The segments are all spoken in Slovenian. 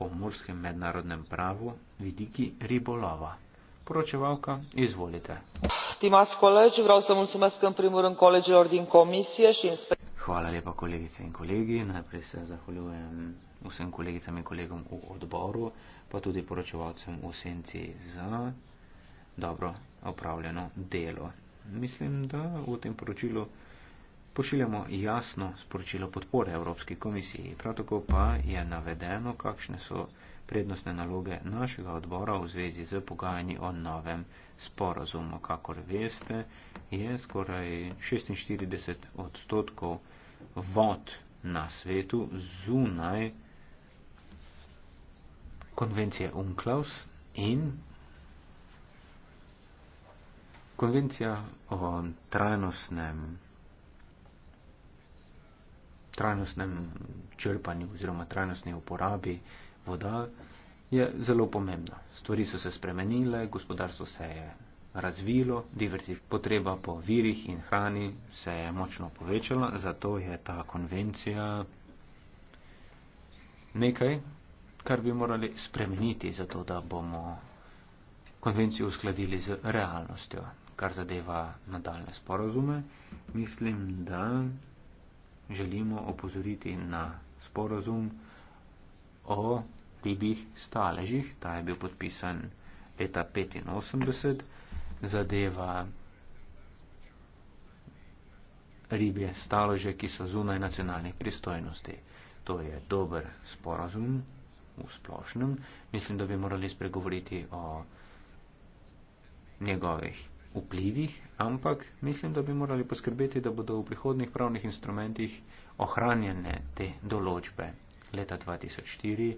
pomorskem mednarodnem pravu vidiki ribolova. Poročevalka, izvolite. Hvala lepa, kolegice in kolegi. Najprej se zahvaljujem vsem kolegicam in kolegom v odboru, pa tudi poročevalcem v senci za dobro opravljeno delo. Mislim, da v tem poročilu pošiljamo jasno sporočilo podpore Evropski komisiji. Prav tako pa je navedeno, kakšne so prednostne naloge našega odbora v zvezi z pogajanji o novem sporazumu. Kakor veste, je skoraj 46 odstotkov vod na svetu zunaj konvencije UNCLOS in konvencija o trajnostnem trajnostnem črpanju oziroma trajnostni uporabi voda je zelo pomembna. Stvari so se spremenile, gospodarstvo se je razvilo, potreba po virih in hrani se je močno povečala, zato je ta konvencija nekaj, kar bi morali spremeniti, zato da bomo konvencijo uskladili z realnostjo, kar zadeva nadaljne sporozume. Mislim, da želimo opozoriti na sporozum o ribih staležih. Ta je bil podpisan leta 85. Zadeva ribje stalože, ki so zunaj nacionalnih pristojnosti. To je dober sporozum v splošnem. Mislim, da bi morali spregovoriti o njegovih vplivih, ampak mislim, da bi morali poskrbeti, da bodo v prihodnih pravnih instrumentih ohranjene te določbe. Leta 2004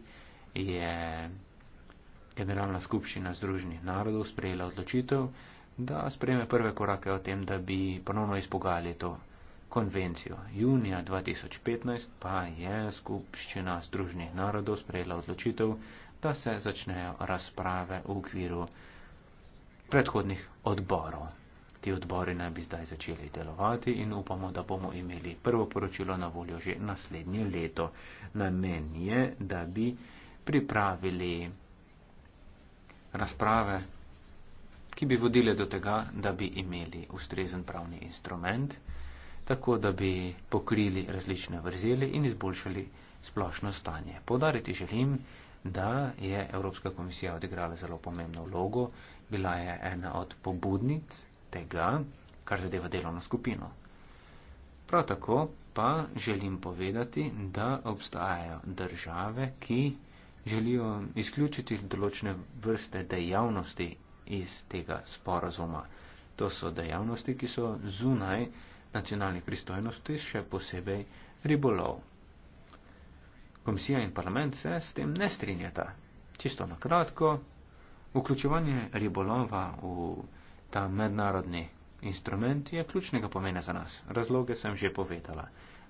je Generalna skupščina Združenih narodov sprejela odločitev, da spreme prve korake o tem, da bi ponovno izpogali to konvencijo. Junija 2015 pa je skupščina Združenih narodov sprejela odločitev, da se začnejo razprave v okviru predhodnih odborov. Ti odbori naj bi zdaj začeli delovati in upamo, da bomo imeli prvo poročilo na voljo že naslednje leto. Namen je, da bi pripravili razprave, ki bi vodile do tega, da bi imeli ustrezen pravni instrument, tako da bi pokrili različne vrzeli in izboljšali splošno stanje. Podariti želim, da je Evropska komisija odigrala zelo pomembno vlogo bila je ena od pobudnic tega, kar zadeva delovno skupino. Prav tako pa želim povedati, da obstajajo države, ki želijo izključiti določene vrste dejavnosti iz tega sporazuma. To so dejavnosti, ki so zunaj nacionalnih pristojnosti, še posebej ribolov. Komisija in parlament se s tem ne strinjata. Čisto na kratko, Vključevanje ribolova v ta mednarodni instrument je ključnega pomena za nas. Razloge sem že povedala.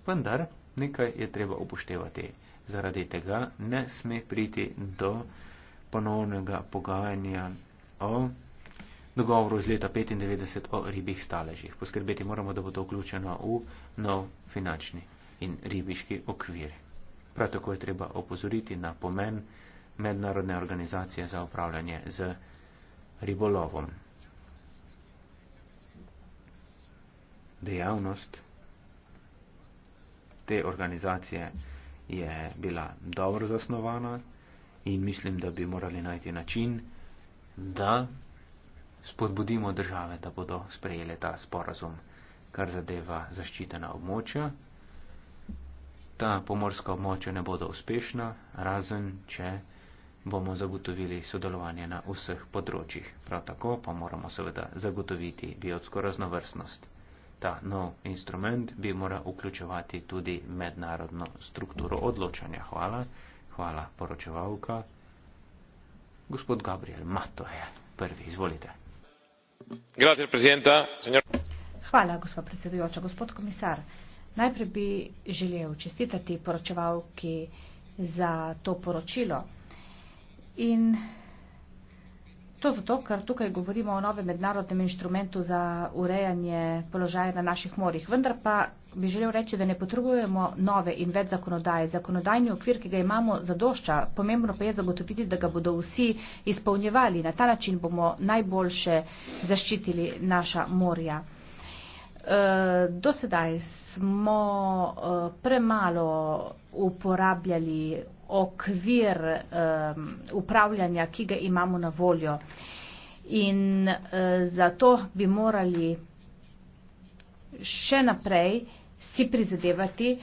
Vendar nekaj je treba upoštevati. Zaradi tega ne sme priti do ponovnega pogajanja o dogovoru iz leta 1995 o ribih staležih. Poskrbeti moramo, da bo to vključeno v nov finančni in ribiški okvir. Prav tako je treba opozoriti na pomen mednarodne organizacije za upravljanje z ribolovom. Dejavnost te organizacije je bila dobro zasnovana in mislim, da bi morali najti način, da spodbudimo države, da bodo sprejele ta sporazum, kar zadeva zaščitena območja. Ta pomorska območja ne bodo uspešna, razen če bomo zagotovili sodelovanje na vseh področjih. Prav tako pa moramo seveda zagotoviti biotsko raznovrstnost. Ta nov instrument bi moral vključevati tudi mednarodno strukturo odločanja. Hvala, hvala poročevalka. Gospod Gabriel Mato je prvi, izvolite. Hvala, gospod predsedujoča. Gospod komisar, najprej bi želel čestitati poročevalki za to poročilo. In to zato, ker tukaj govorimo o novem mednarodnem inštrumentu za urejanje položaja na naših morjih. Vendar pa bi želel reči, da ne potrebujemo nove in več zakonodaje. Zakonodajni okvir, ki ga imamo, zadošča. Pomembno pa je zagotoviti, da ga bodo vsi izpolnjevali. Na ta način bomo najboljše zaščitili naša morja. Eh, do sedaj smo eh, premalo uporabljali okvir um, upravljanja, ki ga imamo na voljo. In uh, zato bi morali še naprej si prizadevati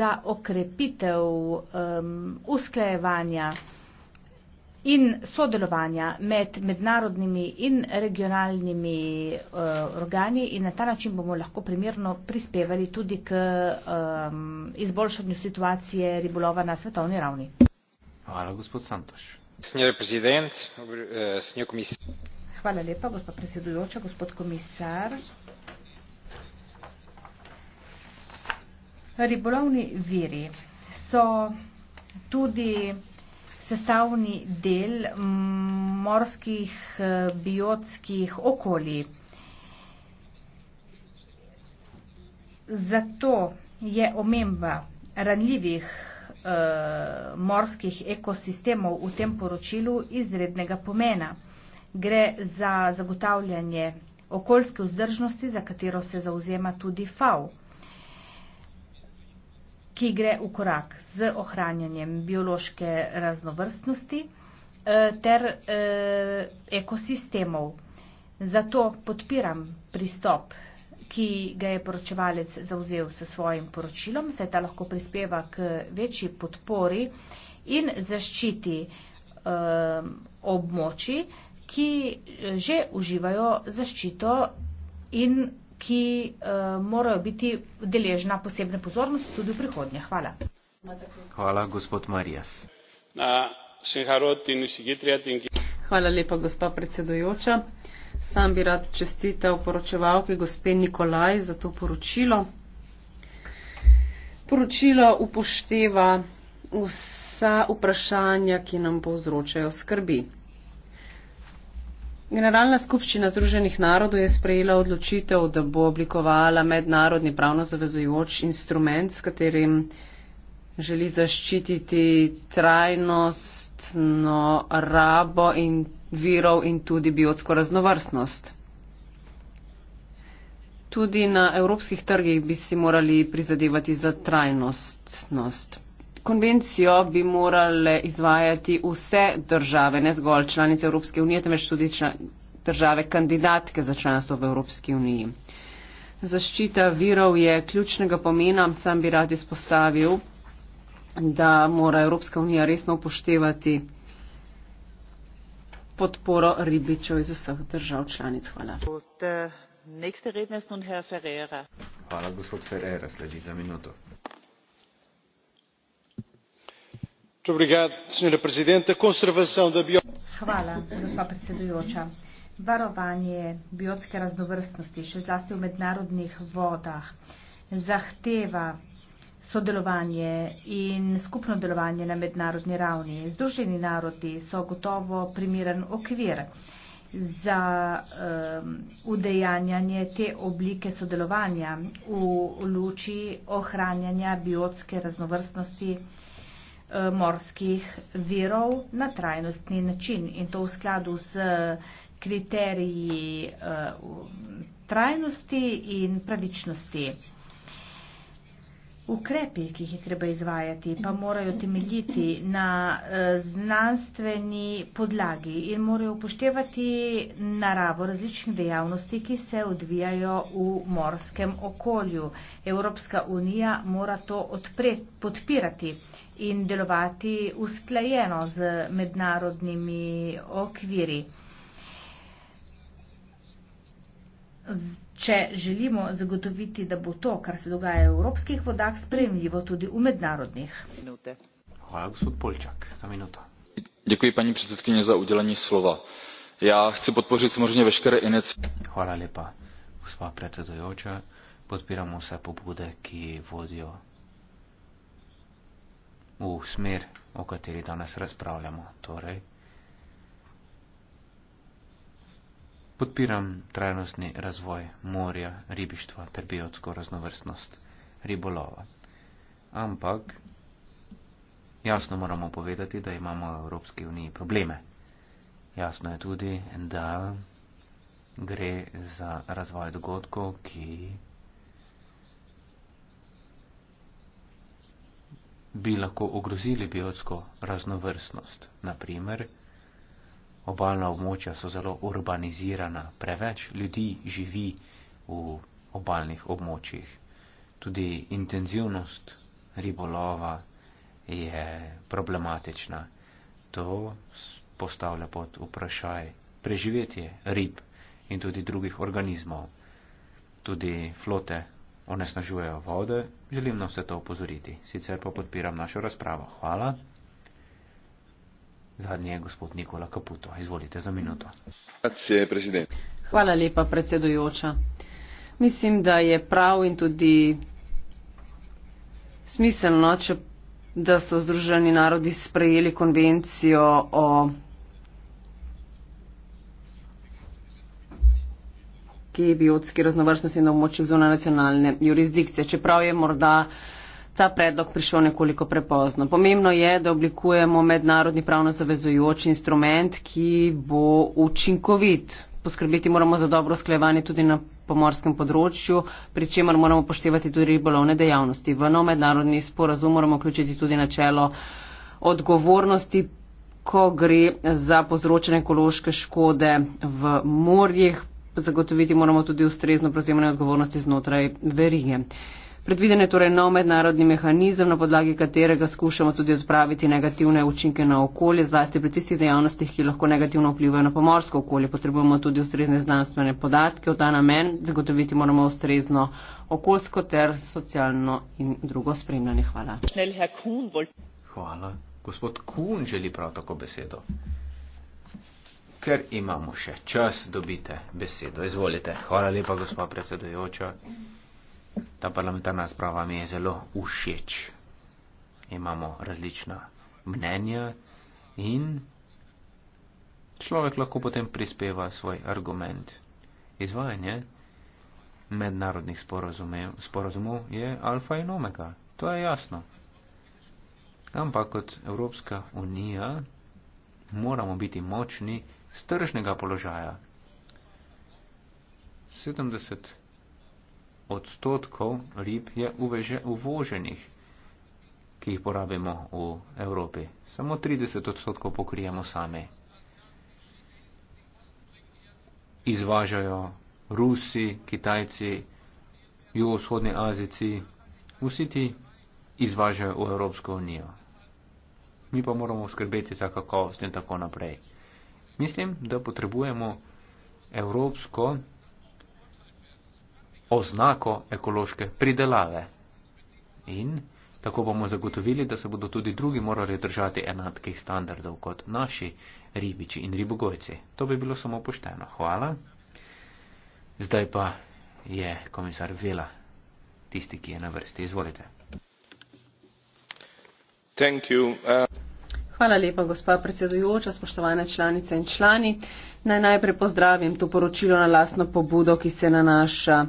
za okrepitev um, usklajevanja in sodelovanja med mednarodnimi in regionalnimi eh, organi in na ta način bomo lahko primerno prispevali tudi k ehm, izboljšanju situacije ribolova na svetovni ravni. Hvala, gospod Santoš. Eh, Hvala lepa, gospod predsedujoča, gospod komisar. Ribolovni viri so tudi sestavni del morskih eh, biotskih okolij. Zato je omemba ranljivih eh, morskih ekosistemov v tem poročilu izrednega pomena. Gre za zagotavljanje okoljske vzdržnosti, za katero se zauzema tudi FAO ki gre v korak z ohranjanjem biološke raznovrstnosti eh, ter eh, ekosistemov. Zato podpiram pristop, ki ga je poročevalec zauzel s svojim poročilom, saj ta lahko prispeva k večji podpori in zaščiti eh, območji, ki že uživajo zaščito in ki uh, morajo biti deležna posebne pozornosti tudi v prihodnje. Hvala. Hvala, gospod Marijas. Hvala lepa, gospa predsedujoča. Sam bi rad čestitev poročevalki gospe Nikolaj za to poročilo. Poročilo upošteva vsa vprašanja, ki nam povzročajo skrbi. Generalna skupščina Združenih narodov je sprejela odločitev, da bo oblikovala mednarodni pravno zavezujoč instrument, s katerim želi zaščititi trajnostno rabo in virov in tudi biotsko raznovrstnost. Tudi na evropskih trgih bi si morali prizadevati za trajnostnost konvencijo bi morale izvajati vse države, ne zgolj članice Evropske unije, temveč tudi države kandidatke za članstvo v Evropski uniji. Zaščita virov je ključnega pomena, sam bi rad izpostavil, da mora Evropska unija resno upoštevati podporo ribičev iz vseh držav članic. Hvala. Eh, Hvala, gospod Ferreira, sledi za minuto. varovanje biotske raznovrstnosti še zlasti v mednarodnih vodah zahteva sodelovanje in skupno delovanje na mednarodni ravni. Združeni narodi so gotovo primeren okvir za um, udejanjanje te oblike sodelovanja v luči ohranjanja biotske raznovrstnosti uh, Eh, morskih virov na trajnostni način in to v skladu z kriteriji eh, trajnosti in pravičnosti. Ukrepi, ki jih je treba izvajati, pa morajo temeljiti na eh, znanstveni podlagi in morajo upoštevati naravo različnih dejavnosti, ki se odvijajo v morskem okolju. Evropska unija mora to odpret, podpirati in delovati usklajeno z mednarodnimi okviri. Z če želimo zagotoviti, da bo to, kar se dogaja v evropskih vodah, spremljivo tudi v mednarodnih. Hvala, gospod Polčak, za minuto. Děkuji paní předsedkyně za udělení slova. Já chci podpořit samozřejmě veškeré iniciativy. Hvala lepa, gospa předsedojoča. Podpíramo se pobude, ki vodijo v smer, o kateri danes razpravljamo. Torej, Podpiram trajnostni razvoj morja, ribištva ter biotsko raznovrstnost ribolova. Ampak jasno moramo povedati, da imamo v Evropski uniji probleme. Jasno je tudi, da gre za razvoj dogodkov, ki bi lahko ogrozili biotsko raznovrstnost. Naprimer, obaljna območja so zelo urbanizirana, preveč ljudi živi v obaljnih območjih. Tudi intenzivnost ribolova je problematična. To postavlja pod vprašaj preživetje rib in tudi drugih organizmov. Tudi flote onesnažujejo vode, želim na vse to opozoriti, sicer pa podpiram našo razpravo. Hvala. Zadnji je gospod Nikola Kaputo. Izvolite za minuto. Hvala lepa, predsedujoča. Mislim, da je prav in tudi smiselno, če, da so Združeni narodi sprejeli konvencijo o biotski raznovrstnosti na območju zunanacionalne jurisdikcije. Čeprav je morda ta predlog prišel nekoliko prepozno. Pomembno je, da oblikujemo mednarodni pravno zavezujoč instrument, ki bo učinkovit. Poskrbeti moramo za dobro sklevanje tudi na pomorskem področju, pri čemer moramo poštevati tudi ribolovne dejavnosti. V nov mednarodni sporazum moramo vključiti tudi načelo odgovornosti, ko gre za povzročene ekološke škode v morjih. Zagotoviti moramo tudi ustrezno prevzemanje odgovornosti znotraj verige. Predviden je torej nov mednarodni mehanizem, na podlagi katerega skušamo tudi odpraviti negativne učinke na okolje, zlasti pri tistih dejavnostih, ki lahko negativno vplivajo na pomorsko okolje. Potrebujemo tudi ustrezne znanstvene podatke v ta namen, zagotoviti moramo ustrezno okoljsko ter socialno in drugo spremljanje. Hvala. Hvala. Gospod Kun želi prav tako besedo. Ker imamo še čas, dobite besedo. Izvolite. Hvala lepa, gospod predsedujoča. Ta parlamentarna razprava mi je zelo všeč. Imamo različna mnenja in človek lahko potem prispeva svoj argument. Izvajanje mednarodnih sporazumov je alfa in omega. To je jasno. Ampak kot Evropska unija moramo biti močni z tržnega položaja. 70 odstotkov rib je uvoženih, ki jih porabimo v Evropi. Samo 30 odstotkov pokrijemo sami. Izvažajo Rusi, Kitajci, jugovzhodni Azici, vsi ti izvažajo v Evropsko unijo. Mi pa moramo skrbeti za kakovost in tako naprej. Mislim, da potrebujemo evropsko oznako ekološke pridelave. In tako bomo zagotovili, da se bodo tudi drugi morali držati enakih standardov kot naši ribiči in ribogojci. To bi bilo samo pošteno. Hvala. Zdaj pa je komisar Vela tisti, ki je na vrsti. Izvolite. Uh, Hvala lepa, gospa predsedujoča, spoštovane članice in člani. Naj najprej pozdravim to poročilo na lastno pobudo, ki se nanaša. Na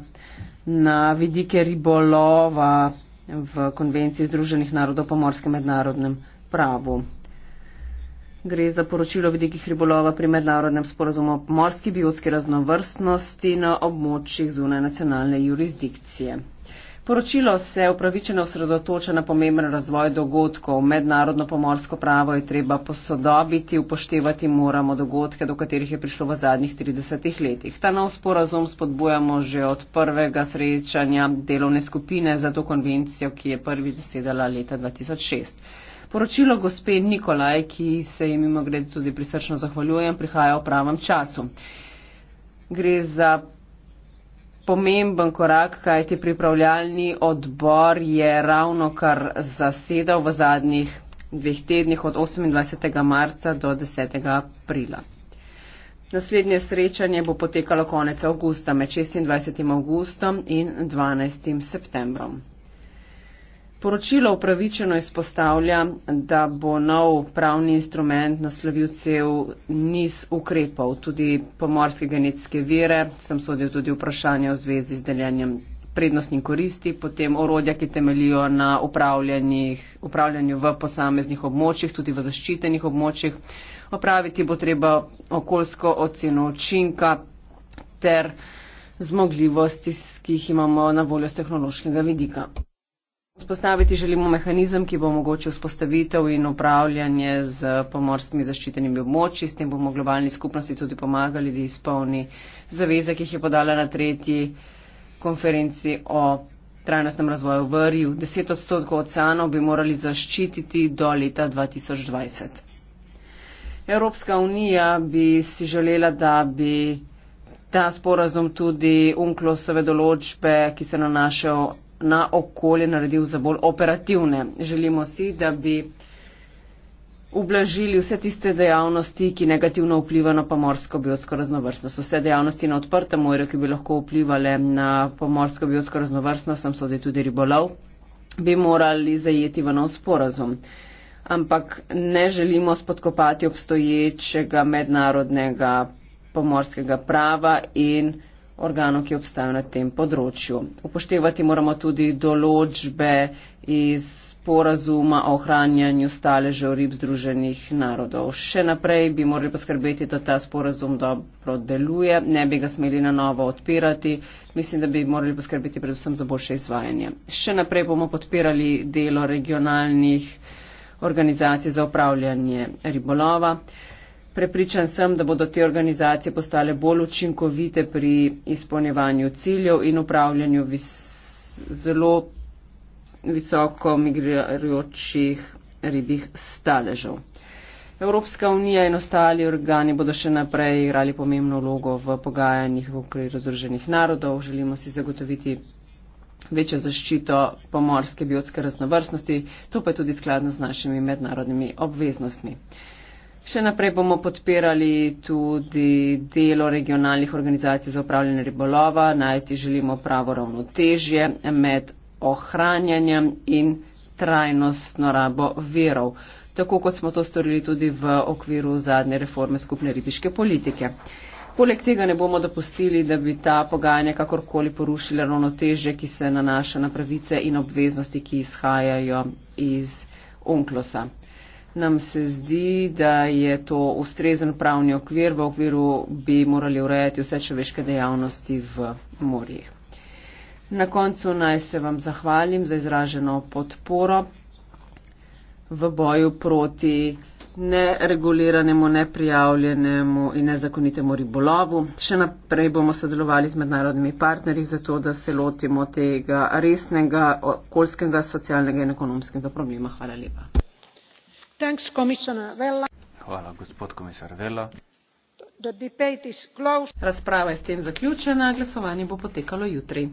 na vidike ribolova v konvenciji Združenih narodov po morskem mednarodnem pravu. Gre za poročilo vidikih ribolova pri mednarodnem sporazumu o morski biotski raznovrstnosti na območjih zunaj nacionalne jurisdikcije. Poročilo se upravičeno osredotoča na pomemben razvoj dogodkov. Mednarodno pomorsko pravo je treba posodobiti, upoštevati moramo dogodke, do katerih je prišlo v zadnjih 30 letih. Ta nov sporazum spodbujamo že od prvega srečanja delovne skupine za to konvencijo, ki je prvi zasedala leta 2006. Poročilo gospe Nikolaj, ki se jim mimo grede tudi prisrčno zahvaljujem, prihaja v pravem času. Gre za pomemben korak, kaj ti pripravljalni odbor je ravno kar zasedal v zadnjih dveh tednih od 28. marca do 10. aprila. Naslednje srečanje bo potekalo konec avgusta med 26. avgustom in 12. septembrom. Poročilo upravičeno izpostavlja, da bo nov pravni instrument naslovil cel niz ukrepov, tudi pomorske genetske vire, sem sodil tudi vprašanje v zvezi z deljenjem prednostnih koristi, potem orodja, ki temelijo na upravljanju v posameznih območjih, tudi v zaščitenih območjih. Opraviti bo treba okoljsko oceno učinka ter zmogljivosti, ki jih imamo na voljo z tehnološkega vidika. Vzpostaviti želimo mehanizem, ki bo omogočil vzpostavitev in upravljanje z pomorskimi zaščitenimi območji. S tem bomo globalni skupnosti tudi pomagali, da izpolni zaveze, ki jih je podala na tretji konferenci o trajnostnem razvoju v Riju. 10 odstotkov oceanov bi morali zaščititi do leta 2020. Evropska unija bi si želela, da bi ta sporazum tudi unklosove določbe, ki se nanašajo na okolje naredil za bolj operativne. Želimo si, da bi ublažili vse tiste dejavnosti, ki negativno vplivajo na pomorsko biotsko raznovrstnost. Vse dejavnosti na odprtem morju, ki bi lahko vplivali na pomorsko biotsko raznovrstnost, sem sodi tudi ribolov, bi morali zajeti v nov sporazum. Ampak ne želimo spodkopati obstoječega mednarodnega pomorskega prava in organov, ki obstajajo na tem področju. Upoštevati moramo tudi določbe iz porazuma o ohranjanju staležev rib združenih narodov. Še naprej bi morali poskrbeti, da ta sporazum dobro deluje, ne bi ga smeli na novo odpirati. Mislim, da bi morali poskrbeti predvsem za boljše izvajanje. Še naprej bomo podpirali delo regionalnih organizacij za upravljanje ribolova. Prepričan sem, da bodo te organizacije postale bolj učinkovite pri izpolnjevanju ciljev in upravljanju vis zelo visoko migrirajočih ribih staležev. Evropska unija in ostali organi bodo še naprej igrali pomembno vlogo v pogajanjih v okviru Združenih narodov. Želimo si zagotoviti večjo zaščito pomorske biotske raznovrstnosti, to pa je tudi skladno z našimi mednarodnimi obveznostmi. Še naprej bomo podpirali tudi delo regionalnih organizacij za upravljanje ribolova. Najti želimo pravo ravnotežje med ohranjanjem in trajnostno rabo verov, tako kot smo to storili tudi v okviru zadnje reforme skupne ribiške politike. Poleg tega ne bomo dopustili, da bi ta pogajanja kakorkoli porušila ravnotežje, ki se nanaša na pravice in obveznosti, ki izhajajo iz onklosa nam se zdi, da je to ustrezen pravni okvir, v okviru bi morali urejati vse človeške dejavnosti v morjih. Na koncu naj se vam zahvalim za izraženo podporo v boju proti nereguliranemu, neprijavljenemu in nezakonitemu ribolovu. Še naprej bomo sodelovali z mednarodnimi partnerji, zato da se lotimo tega resnega okoljskega, socialnega in ekonomskega problema. Hvala lepa. Hvala, gospod komisar Vella. Razprava je s tem zaključena, glasovanje bo potekalo jutri.